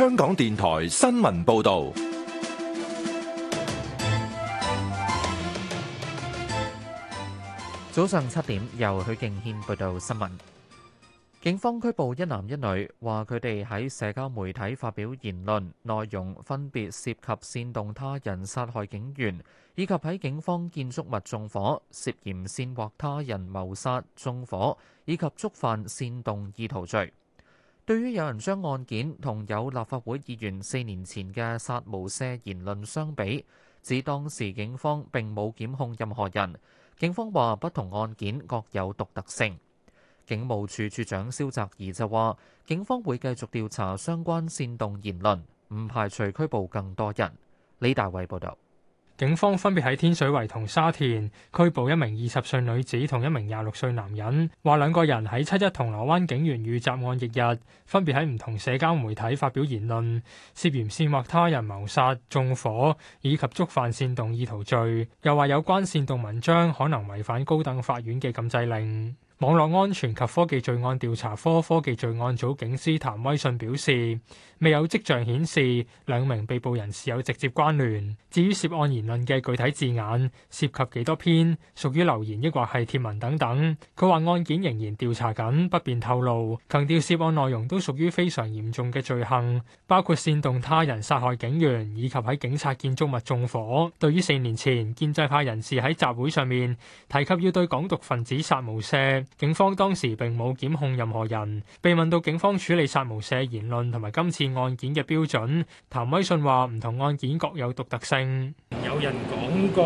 香港電台新聞報道，早上七點由許敬軒報道新聞。警方拘捕一男一女，話佢哋喺社交媒體發表言論，內容分別涉及煽動他人殺害警員，以及喺警方建築物縱火，涉嫌煽惑他人謀殺、縱火以及觸犯煽動意圖罪。對於有人將案件同有立法會議員四年前嘅殺無赦言論相比，指當時警方並冇檢控任何人。警方話不同案件各有獨特性。警務處處長蕭澤頤就話：警方會繼續調查相關煽動言論，唔排除拘捕更多人。李大偉報導。警方分別喺天水圍同沙田拘捕一名二十歲女子同一名廿六歲男人，話兩個人喺七一銅鑼灣警員遇襲案翌日，分別喺唔同社交媒體發表言論，涉嫌煽惑他人謀殺、縱火以及觸犯煽動意圖罪，又話有關煽動文章可能違反高等法院嘅禁制令。網絡安全及科技罪案調查科科技罪案組警司譚威信表示，未有跡象顯示兩名被捕人士有直接關聯。至於涉案言論嘅具體字眼、涉及幾多篇、屬於留言抑或係帖文等等，佢話案件仍然調查緊，不便透露。強調涉案內容都屬於非常嚴重嘅罪行，包括煽動他人殺害警員以及喺警察建築物縱火。對於四年前建制派人士喺集會上面提及要對港獨分子殺無赦。警方當時並冇檢控任何人。被問到警方處理殺無赦言論同埋今次案件嘅標準，譚威信話唔同案件各有獨特性。有人講過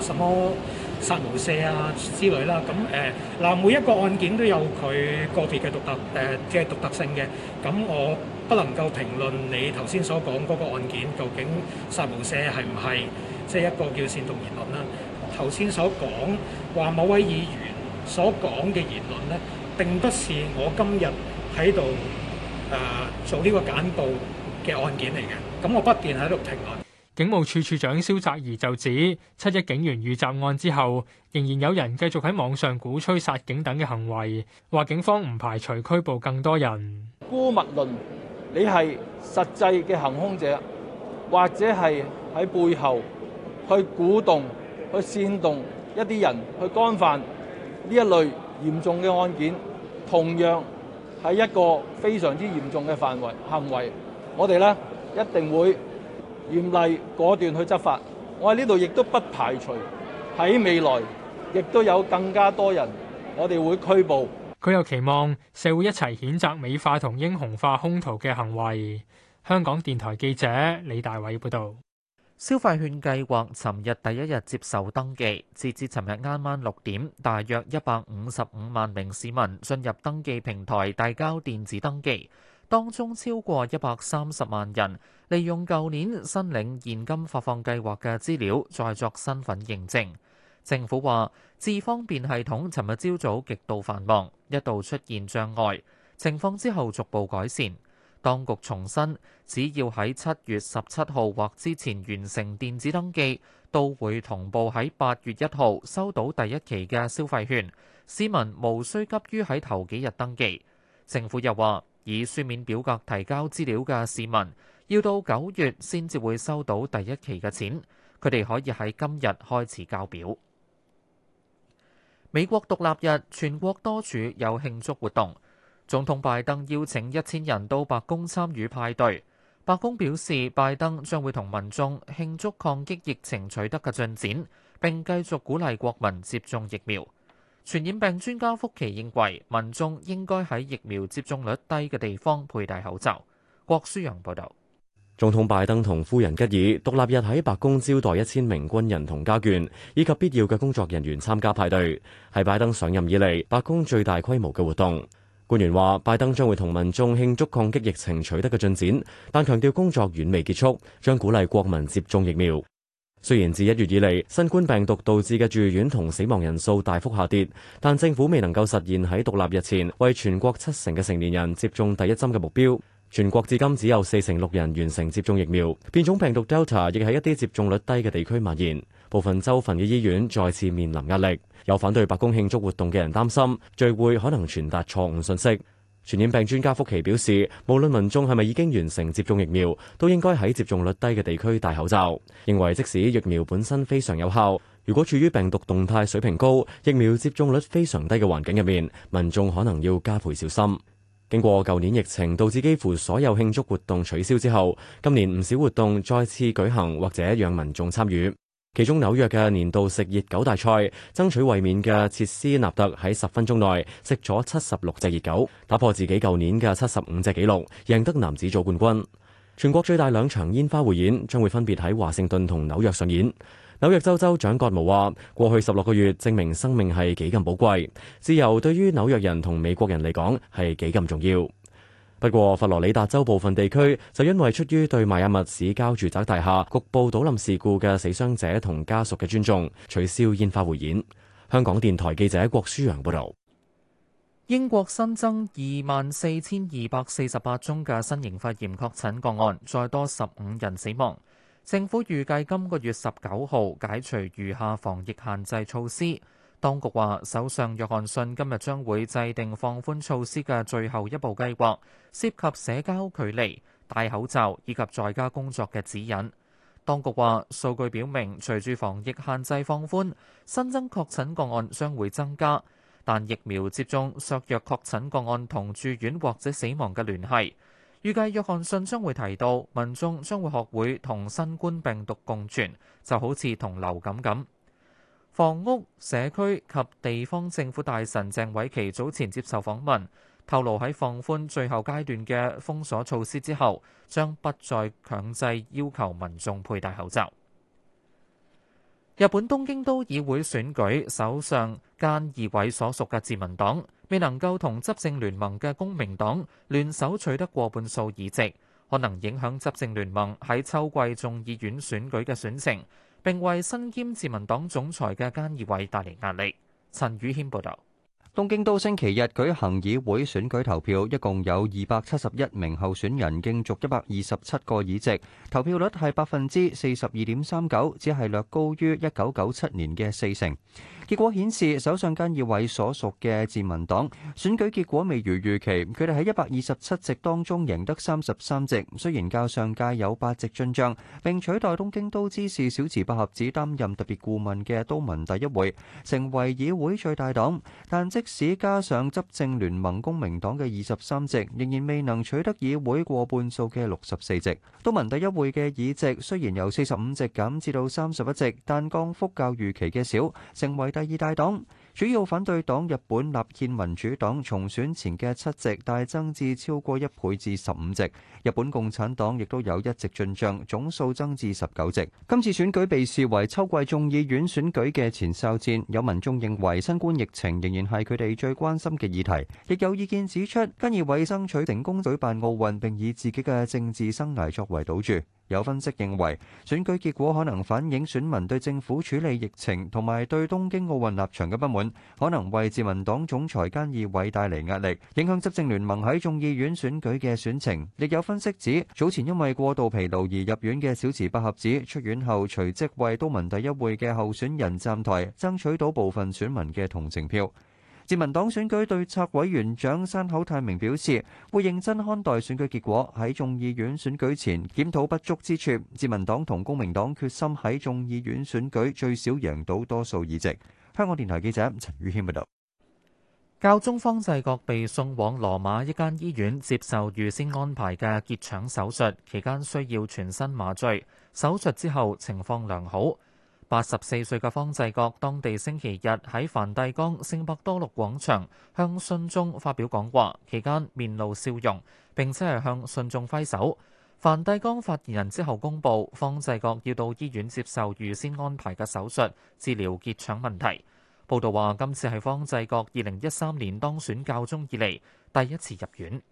誒什麼殺無赦啊之類啦，咁誒嗱每一個案件都有佢個別嘅獨特誒即係獨特性嘅。咁我不能夠評論你頭先所講嗰個案件究竟殺無赦係唔係，即係一個叫煽動言論啦。頭先所講話某位議員。所講嘅言論呢，並不是我今日喺度誒做呢個簡報嘅案件嚟嘅。咁、嗯、我不便喺度評論。警務處處長蕭澤頤就指，七一警員遇襲案之後，仍然有人繼續喺網上鼓吹殺警等嘅行為，話警方唔排除拘捕更多人。姑勿論，你係實際嘅行凶者，或者係喺背後去鼓動、去煽動一啲人去干犯，呢一類嚴重嘅案件，同樣係一個非常之嚴重嘅範圍行為，我哋呢，一定會嚴厲果斷去執法。我喺呢度亦都不排除喺未來亦都有更加多人，我哋會拘捕。佢又期望社會一齊譴責美化同英雄化兇徒嘅行為。香港電台記者李大偉報導。消費券計劃尋日第一日接受登記，截至尋日啱啱六點，大約一百五十五萬名市民進入登記平台遞交電子登記，當中超過一百三十萬人利用舊年申領現金發放計劃嘅資料再作身份認證。政府話，智方便系統尋日朝早極度繁忙，一度出現障礙，情況之後逐步改善。當局重申，只要喺七月十七號或之前完成電子登記，都會同步喺八月一號收到第一期嘅消費券。市民無需急於喺頭幾日登記。政府又話，以書面表格提交資料嘅市民，要到九月先至會收到第一期嘅錢。佢哋可以喺今日開始交表。美國獨立日，全國多處有慶祝活動。總統拜登邀請一千人到白宮參與派對。白宮表示，拜登將會同民眾慶祝抗擊疫情取得嘅進展，並繼續鼓勵國民接種疫苗。傳染病專家福奇認為，民眾應該喺疫苗接種率低嘅地方佩戴口罩。郭舒陽報導。總統拜登同夫人吉爾獨立日喺白宮招待一千名軍人同家眷，以及必要嘅工作人員參加派對，係拜登上任以嚟白宮最大規模嘅活動。官員話，拜登將會同民眾慶祝抗擊疫情取得嘅進展，但強調工作遠未結束，將鼓勵國民接種疫苗。雖然自一月以嚟，新冠病毒導致嘅住院同死亡人數大幅下跌，但政府未能夠實現喺獨立日前為全國七成嘅成年人接種第一針嘅目標。全國至今只有四成六人完成接種疫苗。變種病毒 Delta 亦喺一啲接種率低嘅地區蔓延，部分州份嘅醫院再次面臨壓力。有反對白宮慶祝活動嘅人擔心聚會可能傳達錯誤信息。傳染病專家福奇表示，無論民眾係咪已經完成接種疫苗，都應該喺接種率低嘅地區戴口罩。認為即使疫苗本身非常有效，如果處於病毒動態水平高、疫苗接種率非常低嘅環境入面，民眾可能要加倍小心。經過舊年疫情導致幾乎所有慶祝活動取消之後，今年唔少活動再次舉行或者讓民眾參與。其中紐約嘅年度食熱狗大賽，爭取衛冕嘅切斯納特喺十分鐘內食咗七十六隻熱狗，打破自己舊年嘅七十五隻紀錄，贏得男子組冠軍。全國最大兩場煙花匯演將會分別喺華盛頓同紐約上演。紐約州州長葛謨話：過去十六個月證明生命係幾咁寶貴，自由對於紐約人同美國人嚟講係幾咁重要。不過，佛羅里達州部分地區就因為出於對邁阿密市郊住宅大廈局部倒冧事故嘅死傷者同家屬嘅尊重，取消煙花匯演。香港電台記者郭舒揚報道。英國新增二萬四千二百四十八宗嘅新型肺炎確診個案，再多十五人死亡。政府預計今個月十九號解除餘下防疫限制措施。當局話，首相約翰遜今日將會制定放寬措施嘅最後一步計劃，涉及社交距離、戴口罩以及在家工作嘅指引。當局話，數據表明隨住防疫限制放寬，新增確診個案將會增加，但疫苗接種削弱確診個案同住院或者死亡嘅聯繫。預計約翰遜將會提到，民眾將會學會同新冠病毒共存，就好似同流感咁。房屋社區及地方政府大臣鄭偉琪早前接受訪問，透露喺放寬最後階段嘅封鎖措施之後，將不再強制要求民眾佩戴口罩。日本東京都議會選舉，首相菅義偉所屬嘅自民黨未能夠同執政聯盟嘅公明黨聯手取得過半數議席，可能影響執政聯盟喺秋季眾議院選舉嘅選情。並為身兼自民黨總裁嘅菅義偉帶嚟壓力。陳宇軒報導，東京都星期日舉行議會選舉投票，一共有二百七十一名候選人競逐一百二十七個議席，投票率係百分之四十二點三九，只係略高於一九九七年嘅四成。結果顯示，首相菅義偉所屬嘅自民黨選舉結果未如預期，佢哋喺一百二十七席當中贏得三十三席，雖然較上屆有八席進賬，並取代東京都知事小池百合子擔任特別顧問嘅都民第一會，成為議會最大黨，但即使加上執政聯盟公明黨嘅二十三席，仍然未能取得議會過半數嘅六十四席。都民第一會嘅議席雖然由四十五席減至到三十一席，但降幅較預期嘅少，成為。第二大黨主要反對黨日本立憲民主黨重選前嘅七席，大增至超過一倍至十五席。日本共產黨亦都有一席進帳，總數增至十九席。今次選舉被視為秋季眾議院選舉嘅前哨戰，有民眾認為新冠疫情仍然係佢哋最關心嘅議題，亦有意見指出，菅義偉爭取成功舉辦奧運並以自己嘅政治生涯作為賭注。有分析認為，選舉結果可能反映選民對政府處理疫情同埋對東京奧運立場嘅不滿，可能為自民黨總裁菅義偉帶嚟壓力，影響執政聯盟喺眾議院選舉嘅選情。亦有分析指，早前因為過度疲勞而入院嘅小池百合子出院後，隨即為都民第一會嘅候選人站台，爭取到部分選民嘅同情票。自民黨選舉對策委員長山口泰明表示，會認真看待選舉結果，喺眾議院選舉前檢討不足之處。自民黨同公民黨決心喺眾議院選舉最少贏到多數議席。香港電台記者陳宇謙報道。教宗方濟各被送往羅馬一間醫院接受預先安排嘅結腸手術，期間需要全身麻醉。手術之後情況良好。八十四歲嘅方濟各當地星期日喺梵蒂岡聖伯多祿廣場向信眾發表講話，期間面露笑容，並且係向信眾揮手。梵蒂岡發言人之後公布，方濟各要到醫院接受預先安排嘅手術，治療結腸問題。報道話，今次係方濟各二零一三年當選教宗以嚟第一次入院。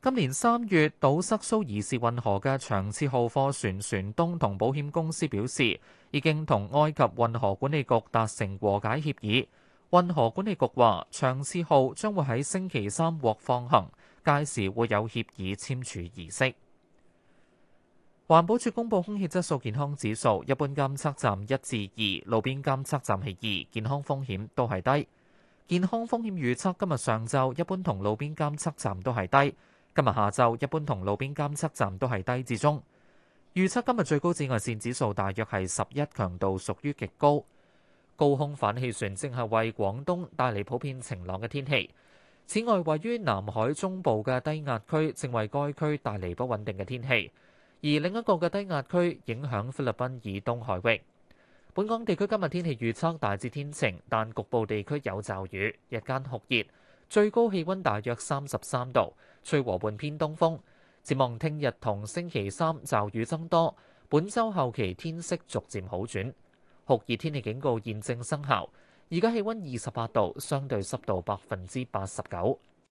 今年三月堵塞蘇伊士運河嘅長賜號貨船船東同保險公司表示，已經同埃及運河管理局達成和解協議。運河管理局話，長賜號將會喺星期三獲放行，屆時會有協議簽署儀式。環保署公布空氣質素健康指數，一般監測站一至二，路邊監測站係二，健康風險都係低。健康風險預測今日上晝一般同路邊監測站都係低。今日下晝一般同路邊監測站都係低至中預測。今日最高紫外線指數大約係十一，強度屬於極高。高空反氣旋正係為廣東帶嚟普遍晴朗嘅天氣。此外，位於南海中部嘅低壓區正為該區帶嚟不穩定嘅天氣，而另一個嘅低壓區影響菲律賓以東海域。本港地區今日天，天氣預測大致天晴，但局部地區有驟雨，日間酷熱，最高氣溫大約三十三度。吹和半偏東風，展望聽日同星期三驟雨增多。本周後期天色逐漸好轉，酷熱天氣警告現正生效。而家氣溫二十八度，相對濕度百分之八十九。